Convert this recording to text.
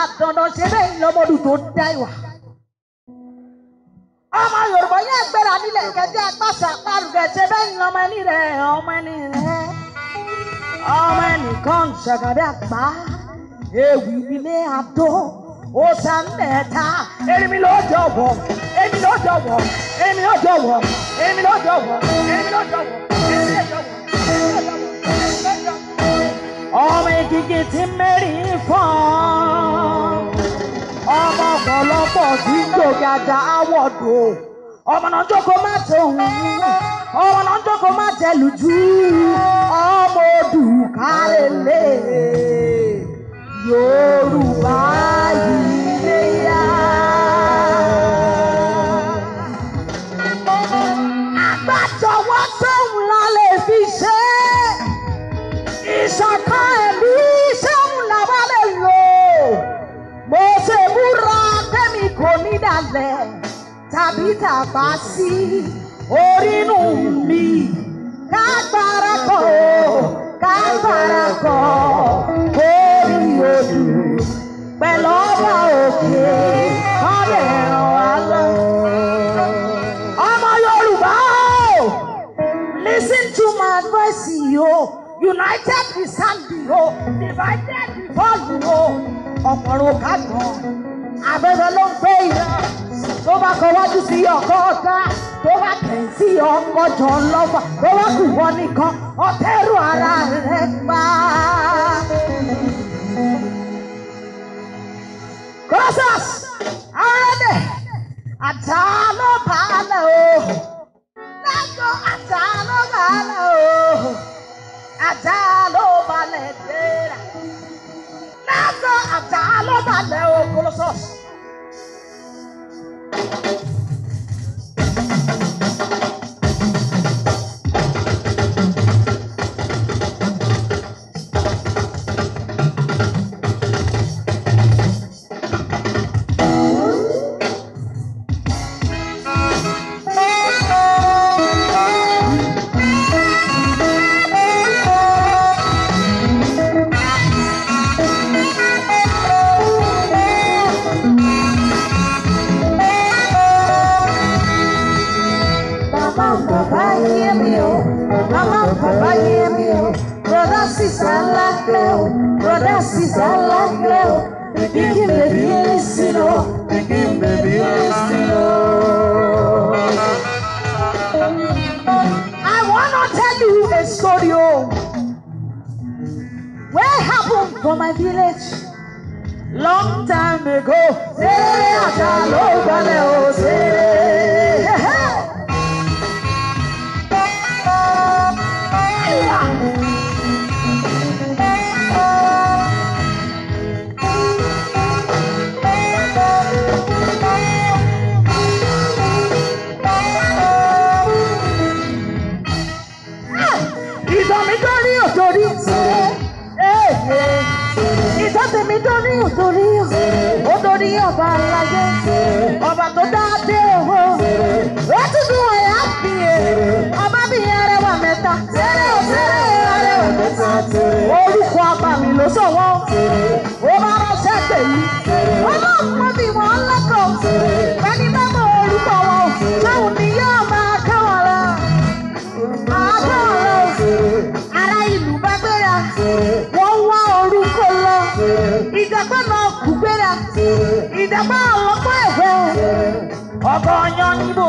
àdàndàn ṣe bẹ́ẹ̀ lọ́mọdù tó dá ìwà. ọmọ Yorùbá yẹn gbéra nílẹ̀ kẹjẹ pàṣà pàrùkẹ ṣe bẹ́ẹ̀ lọ́mọ ẹni rẹ̀ ọmọ ẹni rẹ̀ ọmọ ẹnìkan ṣàgàdé àgbà ewì ilé àdó òòsà mẹ́ta èmi ló jọ̀wọ́ èmi ló jọ̀wọ́ èmi ló jọ̀wọ́ èmi ló jọ̀wọ́ èmi ló jọ̀wọ́ èmi ló jọ̀wọ́ ọmọ ìkìkì ti mẹ́. ọ̀dí gbògada awọ̀dò ọmọ náà jókòó má tóun ọmọ náà jókòó má tẹlùjú ọmọ òdùkà lélẹ̀ Yorùbá yìí lè yá. àgbàjọwọ́ tóun la lè fi ṣe é ìṣàkó. kalẹ̀ tàbí tàpá sí orínú mi ká parapọ̀ ká parapọ̀ orí odò pẹ̀lú ọba òkè ọ̀dẹ̀ ràn wá lọ. ọmọ Yorùbá o listen to my voice yo united we stand yo divided we fall yo ọ̀pọ̀rọ̀ ká gan abẹ́rẹ́ ló ń gbé ìyá tó bá kọwájú sí ọkọ̀ ọ̀gá tó bá kẹ̀yìn sí ọkọ̀ jọ lọ́fà tó bá kù wọ́n nìkan ọ̀tẹ́rù ara rẹ̀ pa. Gracias! Arẹ́dẹ̀ àtà o. Lájọ àtà o. Àtà ló bá a o. us. ladrão, cadastro da ladrão, ninguém que bebia ensinou, ninguém bebia ensinou. I wanna tell you a story oh, where happened for my village long time ago. Say, ìtàn mi tó ní òtòrí. ìtàn tèmi tó ní òtòrí. ó torí ọba aláyé. ọba tó dá dé o. ó tún dùn fi ẹ̀. ọba mi arẹwà mẹ́ta. tẹ́lẹ̀ ò arẹwà mẹ́ta. orúkọ ọba ló sọ̀wọ́. wọ́n wá orúkọ lọ ìdàgbà náà kú gbéra ìdàgbà ọlọ́pàá ẹ̀wẹ̀ ọ̀bọ̀ ọ̀yàn níbo